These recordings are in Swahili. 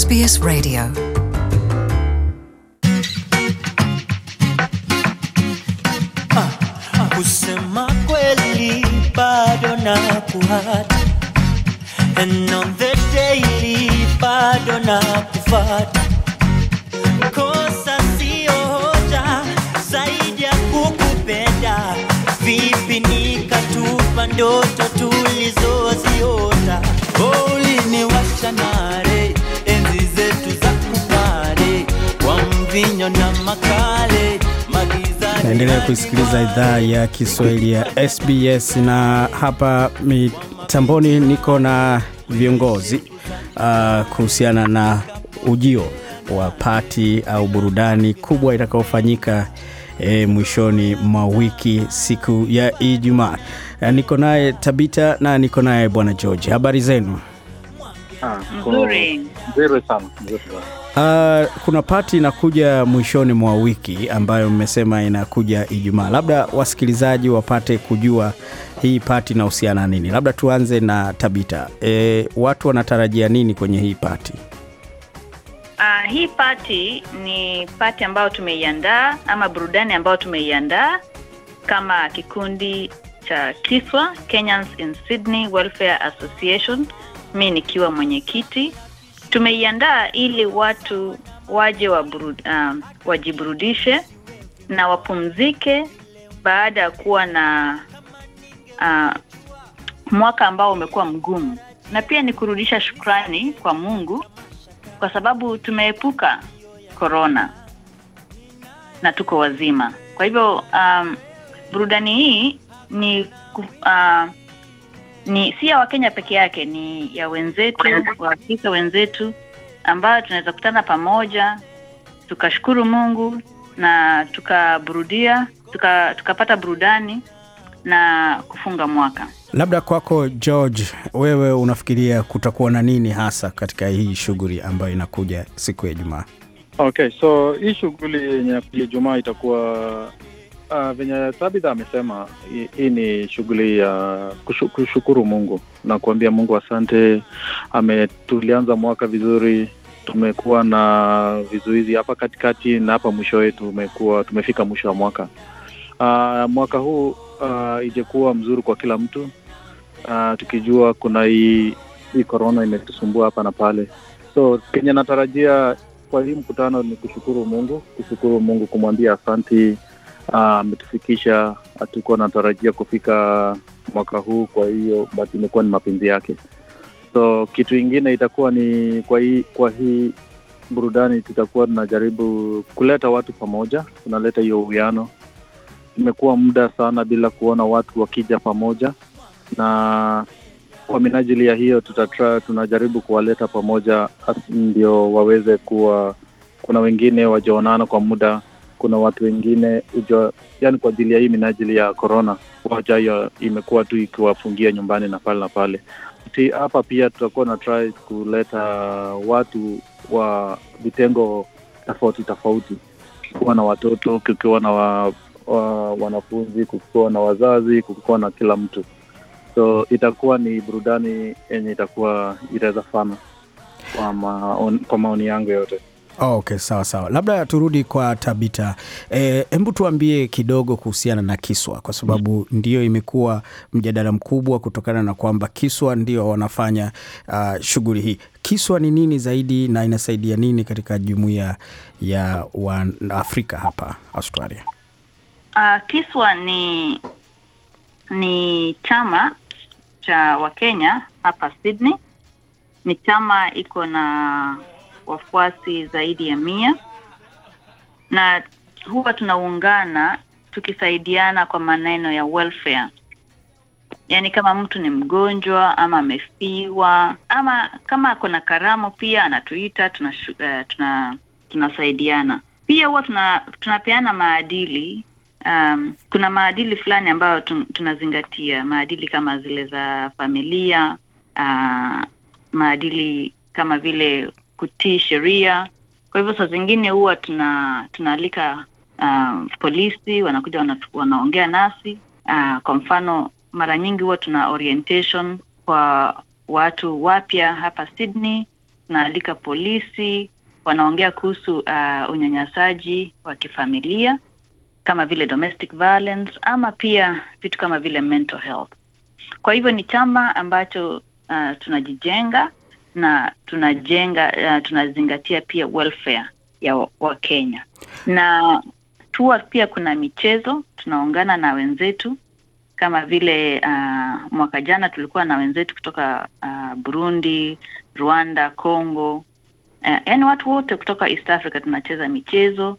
SBS Radio kusema kweli bado na kuhata and on the daily bado na kufata kosa sio hoja zaidi ya kukupenda vipi nikatupa ndoto tulizoziota oh, mvinyo na makale naendelea kuisikiliza idhaa ya Kiswahili ya SBS na hapa mitamboni niko na viongozi uh, kuhusiana na ujio wa pati au burudani kubwa itakayofanyika e, mwishoni mwa wiki siku ya Ijumaa. Uh, niko naye Tabita na niko naye Bwana George. Habari zenu? Ha, ah, sana, sana. Uh, kuna pati inakuja mwishoni mwa wiki ambayo mmesema inakuja Ijumaa, labda wasikilizaji wapate kujua hii pati inahusiana nini. Labda tuanze na Tabita. E, watu wanatarajia nini kwenye hii pati? Uh, ah, hii pati ni pati ambayo tumeiandaa ama burudani ambayo tumeiandaa kama kikundi cha KISWA, Kenyans in Sydney Welfare Association mi nikiwa mwenyekiti, tumeiandaa ili watu waje waburud, uh, wajiburudishe na wapumzike baada ya kuwa na uh, mwaka ambao umekuwa mgumu, na pia ni kurudisha shukrani kwa Mungu kwa sababu tumeepuka korona na tuko wazima. Kwa hivyo um, burudani hii ni uh, ni si ya Wakenya peke yake, ni ya wenzetu Waafrika wenzetu ambayo tunaweza kutana pamoja tukashukuru Mungu na tukaburudia tuka, tukapata burudani na kufunga mwaka. Labda kwako George, wewe unafikiria kutakuwa na nini hasa katika hii shughuli ambayo inakuja siku ya Ijumaa? Okay, so hii shughuli yenye ya Ijumaa itakuwa Uh, venye Tabitha amesema hii ni shughuli ya uh, kushukuru Mungu na kuambia Mungu asante. ametulianza tulianza mwaka vizuri, tumekuwa na vizuizi hapa katikati na hapa mwisho wetu umekuwa tumefika mwisho wa mwaka uh, mwaka huu uh, ijekuwa mzuri kwa kila mtu uh, tukijua kuna hii hii korona imetusumbua hapa na pale, so kenye natarajia kwa hii mkutano ni kushukuru Mungu, kushukuru Mungu, kumwambia asanti Ah, ametufikisha hatukuwa natarajia kufika mwaka huu, kwa hiyo basi imekuwa ni mapenzi yake. So kitu ingine itakuwa ni kwa hii, kwa hii burudani tutakuwa tunajaribu kuleta watu pamoja, tunaleta hiyo uwiano. Imekuwa muda sana bila kuona watu wakija pamoja, na kwa minajili ya hiyo tutatra, tunajaribu kuwaleta pamoja, ndio waweze kuwa, kuna wengine wajaonana kwa muda kuna watu wengine ujua, yani kwa ajili ya hii minajili ya korona waja hiyo imekuwa tu ikiwafungia nyumbani na pale na pale hapa pia tutakuwa na try kuleta watu wa vitengo tofauti tofauti, kukiwa na watoto, kukiwa na wa, wa, wanafunzi, kukiwa na wazazi, kukiwa na kila mtu. So itakuwa ni burudani yenye itakuwa itaweza fana kwa, kwa maoni yangu yote. Oh, okay, sawa sawa, labda turudi kwa Tabita. Eh, hebu e, tuambie kidogo kuhusiana na Kiswa kwa sababu mm-hmm. ndio imekuwa mjadala mkubwa kutokana na kwamba Kiswa ndio wanafanya uh, shughuli hii. Kiswa ni nini zaidi na inasaidia nini katika jumuiya ya Waafrika hapa Australia? Uh, Kiswa ni ni chama cha Wakenya hapa Sydney, ni chama iko na wafuasi zaidi ya mia na huwa tunaungana tukisaidiana kwa maneno ya welfare, yaani kama mtu ni mgonjwa ama amefiwa ama kama ako na karamu pia anatuita, tunasaidiana uh, eh, tuna tunasaidiana pia. Huwa tuna, tunapeana maadili um, kuna maadili fulani ambayo tunazingatia, maadili kama zile za familia uh, maadili kama vile kutii sheria. Kwa hivyo saa zingine huwa tuna tunaalika uh, polisi wanakuja wana, wanaongea nasi uh, kwa mfano mara nyingi huwa tuna orientation kwa watu wapya hapa Sydney. Tunaalika polisi wanaongea kuhusu uh, unyanyasaji wa kifamilia kama vile domestic violence ama pia vitu kama vile mental health. Kwa hivyo ni chama ambacho uh, tunajijenga na tunajenga uh, tunazingatia pia welfare ya Wakenya wa na tuwa pia kuna michezo tunaungana na wenzetu kama vile uh, mwaka jana tulikuwa na wenzetu kutoka uh, Burundi, Rwanda, Congo uh, eh, yani watu wote kutoka East Africa tunacheza michezo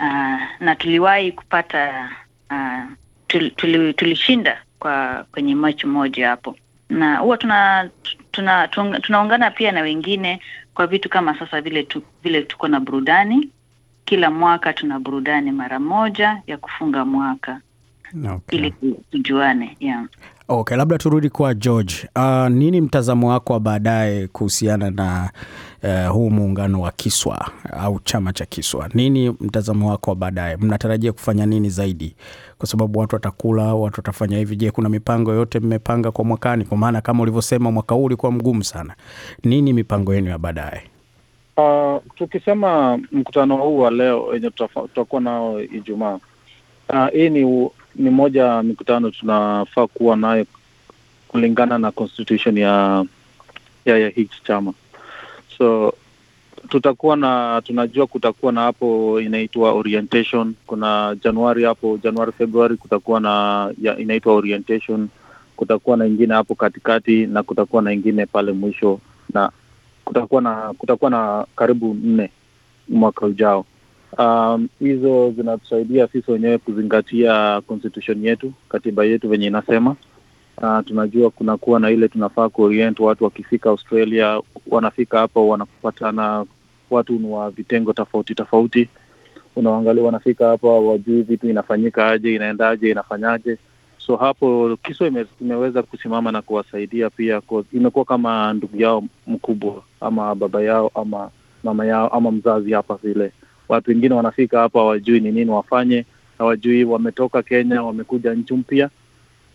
uh, na tuliwahi kupata uh, tul, tul, tulishinda kwa kwenye mechi moja hapo, na huwa tuna tuna, tuna, tunaungana pia na wengine kwa vitu kama sasa vile tu, vile tuko na burudani kila mwaka tuna burudani mara moja ya kufunga mwaka okay. ili tujuane yeah. Okay, labda turudi kwa George. Uh, nini mtazamo wako wa baadaye kuhusiana na uh, huu muungano wa Kiswa au chama cha Kiswa? Nini mtazamo wako wa baadaye? Mnatarajia kufanya nini zaidi? Kwa sababu watu watakula, watu watafanya hivi. Je, kuna mipango yote mmepanga kwa mwakani? Kwa maana kama ulivyosema mwaka huu ulikuwa mgumu sana. Nini mipango yenu ya baadaye? Uh, tukisema mkutano huu wa leo wenye tutakuwa nao Ijumaa, uh, hii ni ni moja ya mikutano tunafaa kuwa nayo kulingana na constitution ya ya, ya hichi chama so tutakuwa na tunajua kutakuwa na hapo inaitwa orientation kuna januari hapo januari februari kutakuwa na ya, inaitwa orientation kutakuwa na ingine hapo katikati na kutakuwa na ingine pale mwisho na kutakuwa na kutakuwa na karibu nne mwaka ujao Um, hizo um, zinatusaidia sisi wenyewe kuzingatia constitution yetu, katiba yetu venye inasema. Uh, tunajua kunakuwa na ile tunafaa kuorient watu wakifika Australia, wanafika hapa wanapatana, watu ni wa vitengo tofauti tofauti, unaangalia wanafika hapa wajui vitu inafanyika aje, inaendaje, inafanyaje. So hapo kiso ime, imeweza kusimama na kuwasaidia pia, imekuwa kama ndugu yao mkubwa ama baba yao ama mama yao ama mzazi hapa vile watu wengine wanafika hapa hawajui ni nini wafanye, hawajui wametoka Kenya, wamekuja nchi mpya.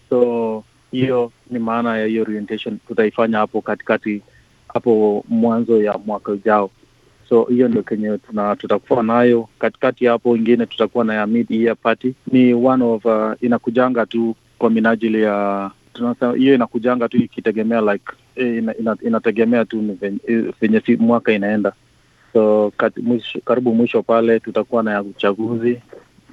So hiyo ni maana ya hiyo orientation, tutaifanya hapo katikati, hapo mwanzo ya mwaka ujao. So hiyo ndio kenye tuna tutakuwa nayo katikati hapo. Ingine tutakuwa na ya mid year party, ni one of uh, inakujanga tu kwa minajili ya tunasema hiyo inakujanga tu ikitegemea like eh, ina, ina, inategemea tu venye eh, mwaka inaenda so kat, mwisho, karibu mwisho pale tutakuwa na uchaguzi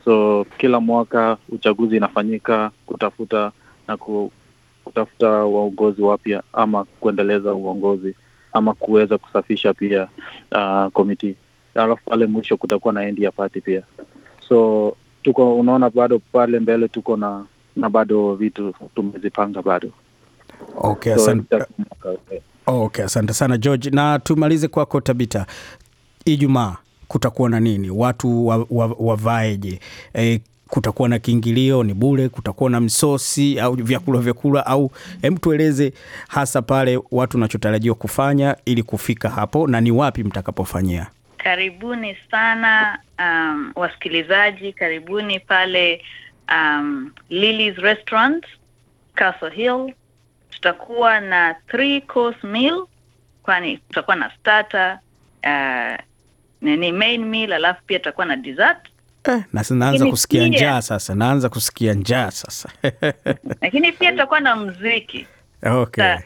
so kila mwaka uchaguzi inafanyika kutafuta na ku, kutafuta waongozi wapya ama kuendeleza uongozi ama kuweza kusafisha pia uh, ah, komiti alafu pale mwisho kutakuwa na endi ya pati pia so tuko unaona bado pale mbele tuko na na bado vitu tumezipanga bado okay, so, asante. Okay, asante sana George, na tumalize kwako Tabita. Ijumaa kutakuwa na nini? Watu wavaeje? wa, wa e, kutakuwa na kiingilio ni bure? Kutakuwa na msosi au vyakula vyakula au hem, tueleze hasa pale watu nachotarajiwa kufanya ili kufika hapo na ni wapi mtakapofanyia. Karibuni sana um, wasikilizaji, karibuni pale um, Lily's Restaurant Castle Hill. Tutakuwa na three course meal, kwani tutakuwa na starter uh, nini main meal, alafu pia tutakuwa na dessert eh, naanza kusikia njaa sasa, naanza kusikia njaa sasa lakini pia tutakuwa na mziki okay. Sa,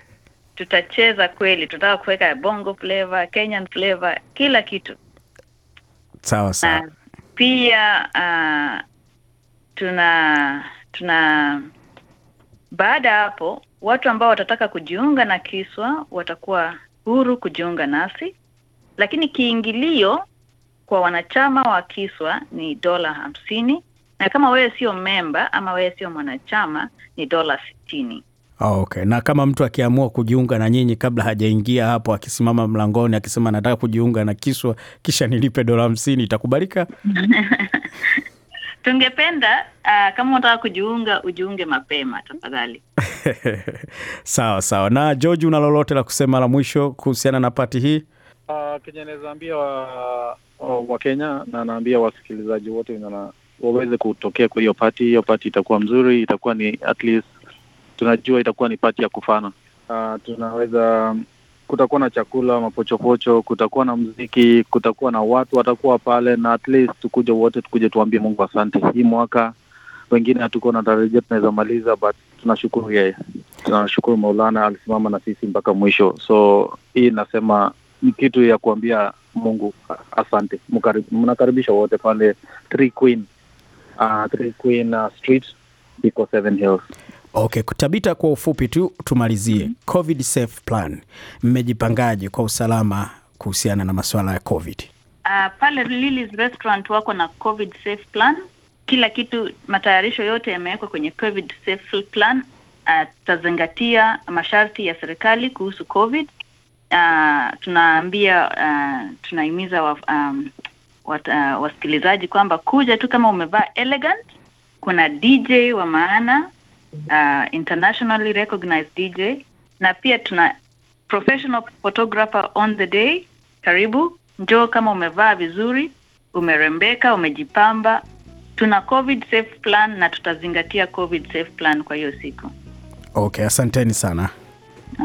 tutacheza kweli, tutaka kuweka bongo flavor, Kenyan flavor, kila kitu sawa sawa. Pia uh, tuna tuna baada ya hapo watu ambao watataka kujiunga na Kiswa watakuwa huru kujiunga nasi lakini kiingilio kwa wanachama wa Kiswa ni dola hamsini na kama wewe sio memba ama wewe sio mwanachama ni dola sitini. Oh, okay. Na kama mtu akiamua kujiunga na nyinyi kabla hajaingia hapo, akisimama mlangoni akisema nataka kujiunga na Kiswa kisha nilipe dola hamsini itakubalika? Tungependa uh, kama unataka kujiunga ujiunge mapema tafadhali. Sawa sawa. Na George, una lolote la kusema la mwisho kuhusiana na pati hii? Uh, kenye naweza ambia wa, ah, wa Kenya na naambia wasikilizaji wote na waweze kutokea kwa hiyo pati. Hiyo pati itakuwa mzuri, itakuwa ni at least tunajua itakuwa ni pati ya kufana. Uh, tunaweza kutakuwa na chakula, mapochopocho, kutakuwa na mziki, kutakuwa na watu watakuwa pale, na at least tukuje wote, tukuje tuambie Mungu asante. Hii mwaka wengine hatuko na tarajia tunaweza maliza, but tunashukuru yeye, tunashukuru Maulana alisimama na sisi mpaka mwisho, so hii nasema ni kitu ya kuambia Mungu asante. Mnakaribisha wote pale Three Queen, uh, Three Queen uh, Street iko Seven Hills. Okay, Tabita, kwa ufupi tu tumalizie. mm -hmm. COVID safe plan, mmejipangaje kwa usalama kuhusiana na masuala ya COVID? Uh, pale Lily's Restaurant wako na COVID safe plan, kila kitu, matayarisho yote yamewekwa kwenye COVID safe plan. Uh, ah, Atazingatia masharti ya serikali kuhusu COVID uh, tunaambia uh, tunahimiza wa, um, wat, uh, wasikilizaji kwamba kuja tu kama umevaa elegant. Kuna DJ wa maana uh, internationally recognized DJ na pia tuna professional photographer on the day. Karibu, njoo kama umevaa vizuri, umerembeka, umejipamba. Tuna covid safe plan na tutazingatia covid safe plan kwa hiyo siku. Okay, asanteni sana.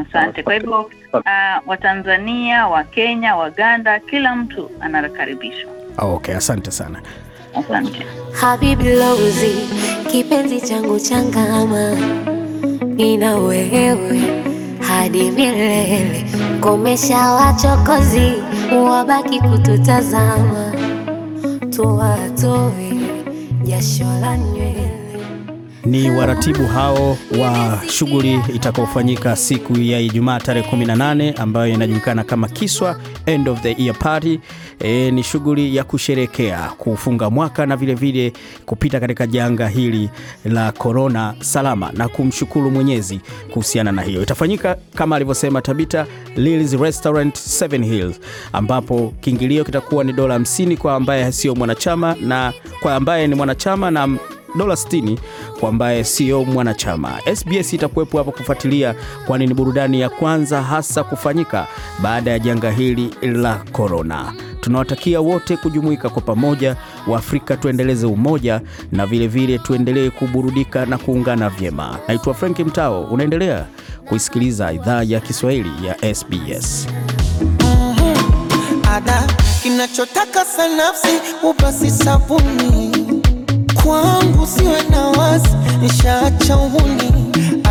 Asante. Kwa hivyo hapa. Uh, Watanzania, Wakenya, Waganda, kila mtu anakaribishwa. Okay, asante sana. Asante Habibi kipenzi changu changama, nina wewe hadi milele. Komesha wachokozi, wabaki kututazama, tuwatoe jasho la nywele ni waratibu hao wa shughuli itakaofanyika siku ya Ijumaa tarehe 18 ambayo inajulikana kama Kiswa End of the Year Party. E, ni shughuli ya kusherekea kufunga mwaka na vilevile vile kupita katika janga hili la korona salama na kumshukuru Mwenyezi kuhusiana na hiyo. Itafanyika kama alivyosema Tabita, Lily's Restaurant Seven Hills, ambapo kiingilio kitakuwa ni dola 50 kwa ambaye sio mwanachama na kwa ambaye ni mwanachama na dola 60 kwa ambaye sio mwanachama. SBS itakuwepo hapa kufuatilia, kwani ni burudani ya kwanza hasa kufanyika baada ya janga hili la korona. Tunawatakia wote kujumuika kwa pamoja. Waafrika tuendeleze umoja na vilevile vile tuendelee kuburudika na kuungana vyema. Naitwa Frank Mtao, unaendelea kuisikiliza idhaa ya Kiswahili ya SBS. Mhm. Ada kinachotaka sanafsi ubasi sabuni kwangu, siwe na wasi, nishaacha uhuni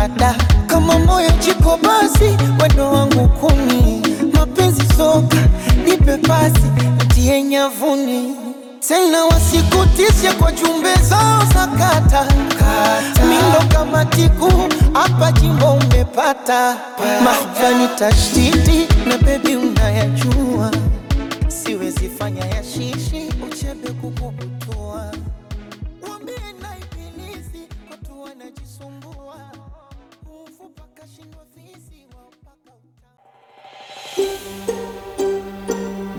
ada. Kama moyo jiko basi, wendo wangu kumi, mapenzi soka, nipe pasi, nitie nyavuni tena wasikutishe kwa jumbe zao za kata mindo kama tiku hapa jimbo umepata mafani tashtiti na bebi, unayajua siwezi fanya ya shishi uchebe kukubuta